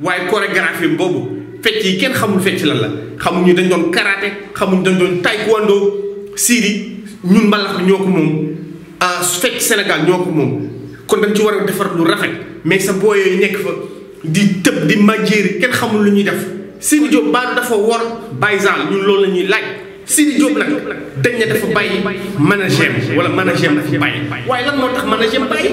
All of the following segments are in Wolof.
waaye chorégraphie boobu fecc yi kenn xamul fecc lan la xamuñu dañ doon karaté xamuñu dañ doon taekwondo siri ñun mbalax ñoo ko moom ah, fecc Sénégal ñoo ko moom kon nag ci war a defar lu rafet mais sa booy nekk fa di tëb di majéeri kenn xamul lu ñuy def Sidi Diop baa dafa war baysal ñun loolu la ñuy laaj Sidi Diop nag dañ ne dafa bàyyi managem wala managem dafa bàyyi waaye lan moo tax managem bàyyi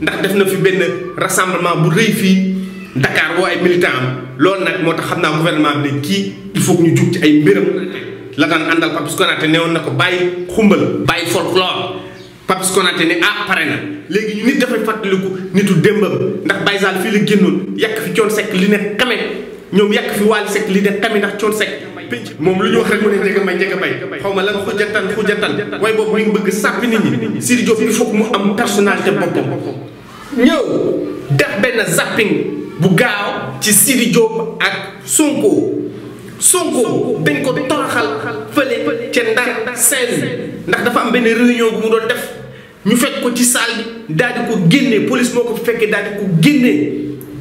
ndax def na fi benn rassemblement bu rëy fii ndakaar woo ay militant am loolu nag moo tax xam naa gouvernement bi ne kii il faut ñu jug ci ay mbiram la daan àndal Papis Konaté newoon na ko bàyyi xumbal bàyyi folklore Papis Konaté ne ah pare na léegi ñu nit dafay fàttaliku nitu démbam ndax Baye Sall fii la génnoon yàq fi coon sekk li ne xame ñoom yàq fi waali sekk li ne xame ndax coon sekk pénc moom lu ñu wax rek moo ne njëkk a may njëkk bay xaw ma lan xujantan xujantan waaye boobu mi ngi bëgg sàppi nit ñi Sidi Diop il faut que mu am personnalité boppam ñëw def benn zapping bu gaaw ci Sidi Diop ak Sonko Sonko dañ ko toroxal fële ca Ndar Saint-Louis ndax dafa am benn réunion bu mu doon def ñu fekk ko ci saal bi daal di ko génne polis moo ko fekkee daal di ko génne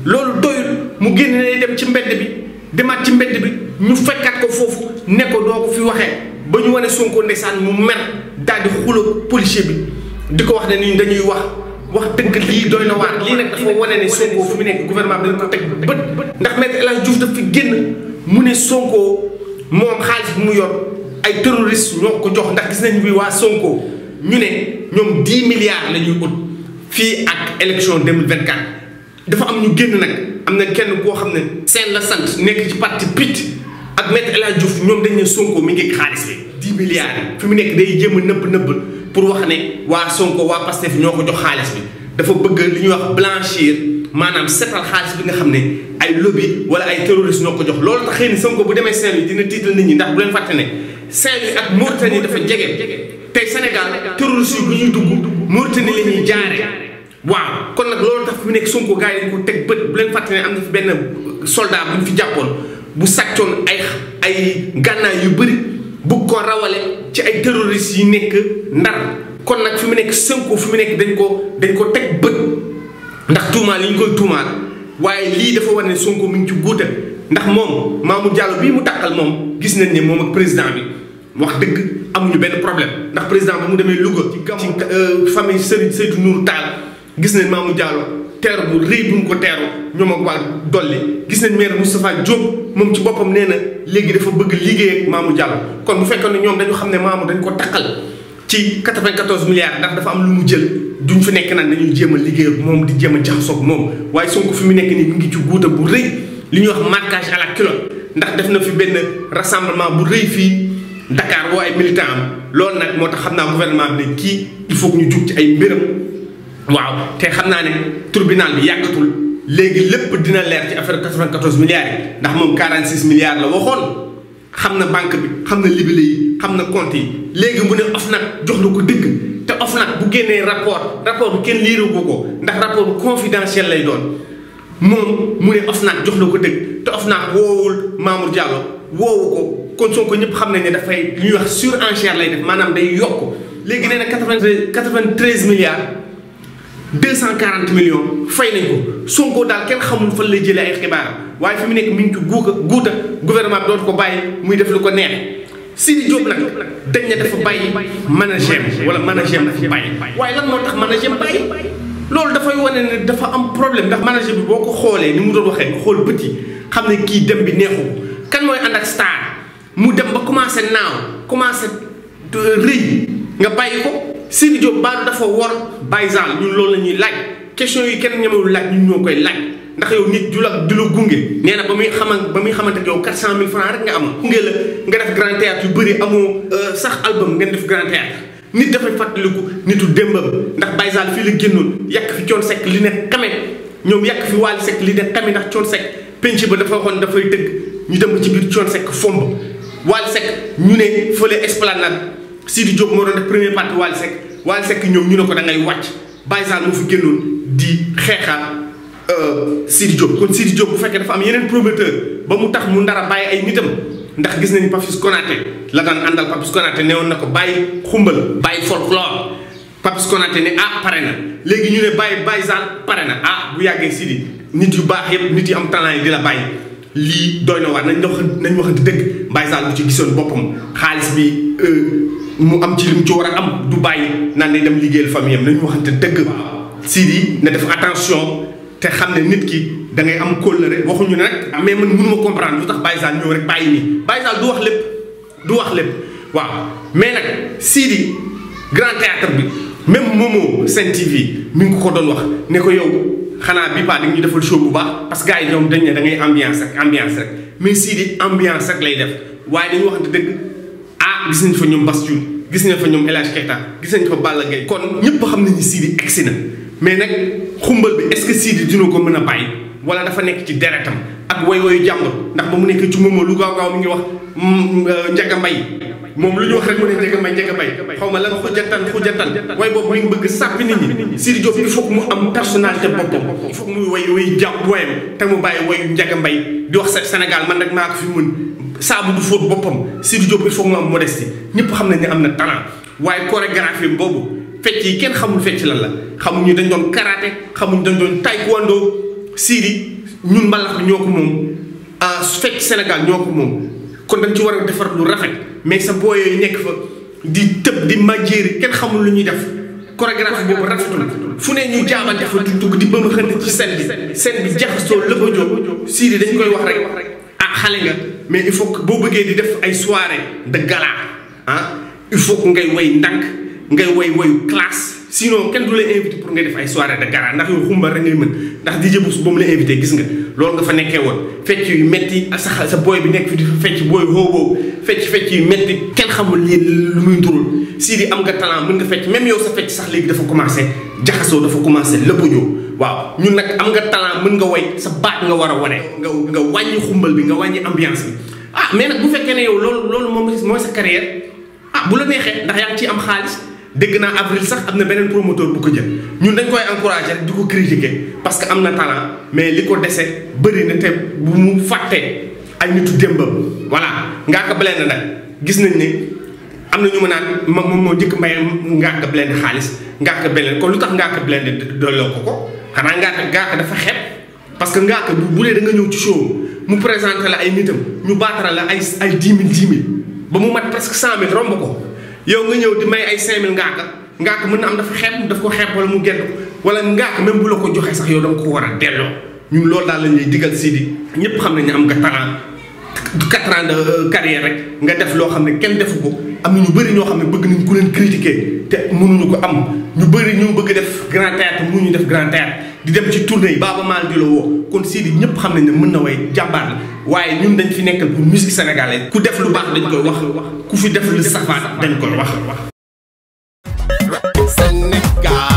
loolu doyul mu génne lay dem ci mbedd bi demaat ci mbedd bi ñu fekkaat ko foofu nekko ko doo ko fi waxee ba ñu wane Sonko ndeysaan mu mer daal di xuloo policier bi di ko wax ne ni dañuy wax wax dëgg lii doy na waar lii nag dafa wane ne Sonko fu mu nekk gouvernement bi dañ ko teg bët ndax maître El Hadj Diouf dafa génn mu ne Sonko moom xaalis bu mu yor ay terroriste ñoo ko jox ndax gis bi waa Sonko ñu ne ñoom 10 milliards la ñuy fii ak élection 2024 dafa am ñu génn nag am na kenn koo xam ne seen la sant nekk ci parti PIT ak maître El ñoom dañ Sonko mi ngi xaalis bi 10 milliards yi fi mu nekk day jëmm a nëbb nëbb pour wax ne waa Sonko waa Pastef ñoo ko jox xaalis bi dafa bëgg li ñuy wax blanchir maanaam setal xaalis bi nga xam ne ay lobby wala ay terroriste ñoo ko jox loolu tax xëy na Sonko bu demee Saint-Louis dina tiital nit ñi ndax bu leen fàtte ne Saint-Louis ak Mauritanie dafa jege tey Sénégal terroriste yi bu ñuy dugg Mauritanie la ñuy jaare waaw kon nag loolu tax fi nekk Sonko gaa yi dañ ko teg bët bu leen fàtte ne am na fi benn soldaa bu ñu fi jàppoon bu sàccoon ay ay gànnaay yu bëri bugg ko rawalee ci ay terroristes yi nekk ndar kon nag fi mu nekk Sonko fi mu nekk dañ ko dañ ko teg bët ndax tuumaal yi ñu koy tuumaal waaye lii dafa war ne Sonko mi ngi ci guuta ndax moom Mamour Diallo bii mu tàqal moom gis nañ ne moom ak président bi wax dëgg amuñu benn problème ndax président bi mu demee Louga ci euh, famille Serigne Seydou Nourou taal gis nañ Mamour Diallo teer bu rëy bu ko teeru ñoom ak waa dolli gis nañ maire Moustapha Diop moom ci boppam nee na léegi dafa bëgg liggéey ak Mamou Diallo kon bu fekkoon ne ñoom dañu xam ne Mamou dañ ko takkal ci 94 milliards ndax dafa am lu mu jël duñ fi nekk naan dañuy jéem a liggéey ak moom di jéem a jaxasoog moom waaye Sonko fi mu nekk nii mu ngi ci guuta bu rëy li ñuy wax marquage à la culotte ndax def na fi benn rassemblement bu rëy fii Dakar woo ay militants am loolu nag moo tax xam naa gouvernement bi ne kii il faut que ñu jug ci ay mbiram waaw te xam naa ne tribunal bi yàggatul léegi lépp dina leer ci affaire 94 milliards yi ndax moom 46 milliards la waxoon xam na banque bi xam na libellé yi xam na compte yi léegi mu ne OFNAC jox na ko dëgg te OFNAC bu génnee rapport rapport bu kenn liiru ko ko ndax rapport bu confidentiel lay doon moom mu ne OFNAC jox na ko dëgg te OFNAC woowul Mamour Diallo woowu ko kon Sonko ñëpp xam nañ ne dafay ñuy wax surenchère lay def maanaam day yokk léegi nee na 93 milliards. deux cent quarante millions fay nañ ko Sonko daal kenn xamul fa la jëlee ay xibaaram waaye fi mu nekk mi ngi ci guuta guuta gouvernement bi dootu ko bàyyi muy def lu ko neex Sidi Diop nag dañ ne dafa bàyyi manager wala manager dafa bàyyi waaye lan moo tax manager bàyyi loolu dafay wane ne dafa am problème ndax manager bi boo ko xoolee ni mu doon waxee xool bët yi xam ne kii dem bi neexu kan mooy ànd ak star mu dem ba commencé naaw commencé euh, rëy nga bàyyi ko Sidi Diop baa dafa wor Baysal ñun loolu la ñuy laaj question yi kenn ñemewul laaj ñun ñoo koy laaj ndax yow nit du la du la gunge nee na ba muy xaman ba muy xamante yow 400000 francs rek nga am gunge la nga def grand théâtre yu bëri amoo euh, sax album ngeen def grand théâtre nit dafay fàttaliku nitu démbam ndax Baysal fii la génnoon yàq fi coon sekk li ne xame ñoom yàq fi waali sekk li ne xame ndax coon sekk penc ba dafa waxoon dafay dëgg ñu dem ci biir coon sekk fomb waali sekk ñu ne fële esplanade Sidi Diop moo doon def premier parti waali sekk Waly Seck ñoom ñu ne ko da ngay wàcc Baye Sall moo fi génnoon di xeexal euh, Sidi Diop kon Sidi Diop bu fekkee dafa am yeneen promoteur ba mu tax mu ndara bàyyi ay nitam ndax gis nañu Papis Konaté la daan àndal Papis Konaté newoon na ko bàyyi xumbal bàyyi folklore Papis Konaté ne ah pare na léegi ñu ne bàyyi Baye pare na ah bu yàggee Sidi nit yu baax yëpp nit yi am talent yi di la bàyyi lii doy na waar nañ wax nañ waxante dëgg Baye saal bu ci gisoon boppam xaalis bi. Euh, mu am ci mu ci war a am du bàyyi naan day dem liggéeyal famille am nañu waxante dëgg Sidy na def attention te xam ne nit ki da ngay am kóllëre waxuñu ne rek ah, mais man mënuma comprendre lu tax Baye Zale ñëw rek bàyyi nii Baye Zale du wax lépp du wax lépp waaw mais nag Sidy grand théâtre bi même Momo Sen TV mun ngi ko ko doon wax ne ko yow xanaa bii paa da ñu defal show bu baax parce que gars yi ñoom dañ ne da ngay ambiance rek ambiance rek mais Sidy lay def waaye dañu waxante dëgg ah gis nañ fa ñoom Bass Thioung gis nañ fa ñoom El Hadj Keita gis nañ fa Balla Gaye kon ñëpp xam nañu Sidi egsi na mais nag xumbal bi est-ce que Sidi dina ko mën a bàyyi wala dafa nekk ci deretam ak way wayu jàmbur ndax ba mu nekk ci moom lu gaaw gaaw mi ngi wax mm, euh, Ndiaga Mbaye moom lu ñu wax rek mu ne Ndiaga Mbaye xaw ma lan xujantan xujantan way boobu mi ngi bëgg sàppi nit ñi Sidi Diop il faut que mu am personnalité boppam il faut que muy te mu bàyyi wayu Ndiaga Mbaye di wax Sénégal man nag maa ko fi mën saabu du fóot boppam Sidy Diop il faut mu am modestie ñëpp xam nañ ne am na talent waaye chorégraphie boobu fecc yi kenn xamul fecc lan la xamuñu dañ doon karaté xamuñu dañ doon taekwondo Sidy ñun mbalax bi ñoo ko moom ah, fecc Sénégal ñoo ko moom kon dañ ci war a defar lu rafet mais sa booy yooyu nekk fa di tëb di majéeri kenn lu ñuy def chorégraphie boobu rafetul fu ne ñu jaamante fa di dugg di bëma xënd ci scène bi scène bi jaxasoo lëbëjoo Sidy dañ koy wax rek ah xale nga mais il faut que bo bëggee di def ay soirée de gala hein il faut que ngay way ndank ngay way wayu classe sinon ken du la invité pour ngay def ay soirée de gala ndax yow xumba rek ngay mën ndax DJ Bouss ba mu la invité gis nga loolu nga fa nekkee won fecc yu metti sax sa boy bi nek fi di fecc booy hooboo fecc fecc yu metti ken xamul li lu muy ndurul si di am nga talent mën nga fecc même yow sa fecc sax légui dafa commencer jaxasoo dafa commencer le ñëw waaw ñun nak am nga talent mën nga way sa baat nga war a nga nga wàññi xumbal bi nga wàññi ambiance bi ah mais nag bu fekkee ne yow loolu loolu moom mooy sa carrière ah bu la neexee ndax yaa ngi am xaalis dégg naa avril sax am na beneen promoteur bu ko jël ñun dañ koy encouragé di ko critiquer parce que am na talent mais li ko dese bëri na te bu mu fàttee ay nitu démbam voilà ngaa ko balee na nag gis nañ ne am na ñu ma naan moom moo njëkk mbay ngaa blend xaalis ngaa ko blend kon lu tax ngaa blend dolloo ko ko xanaa ngaaka ngaaka dafa xeb parce que ngaaka bu bu da nga ñëw ci show mu présenté la ay nitam ñu baatara la ay ay dix mille dix mille ba mu mat presque cent mille romb ko yow nga ñëw di may ay cinq mille ngaaka ngaaka mën na am dafa xeb daf ko xeb wala mu genn wala ngaaka même bu la ko joxe sax yow da nga ko war a delloo ñun loolu daal la ñuy digal sidi ñëpp xam nañ am nga talent 4 ans de euh, carrière rek nga def loo xam ne kenn defu ko am ñu bëri ñoo xam ne bëgg nañ ku leen critiquer te mënuñu ko am ñu bëri ñu bëgg def grand théâtre mënuñu def grand théâtre di dem ci tournée yi Baaba Maal di la woo kon Sidi ñëpp xam nañ ne mën na way jàmbaar la waaye ñun dañ fi nekkal pour musique sénégalaise ku def lu baax dañ koy wax ku fi def lu safaat dañ koy wax. Sénégal.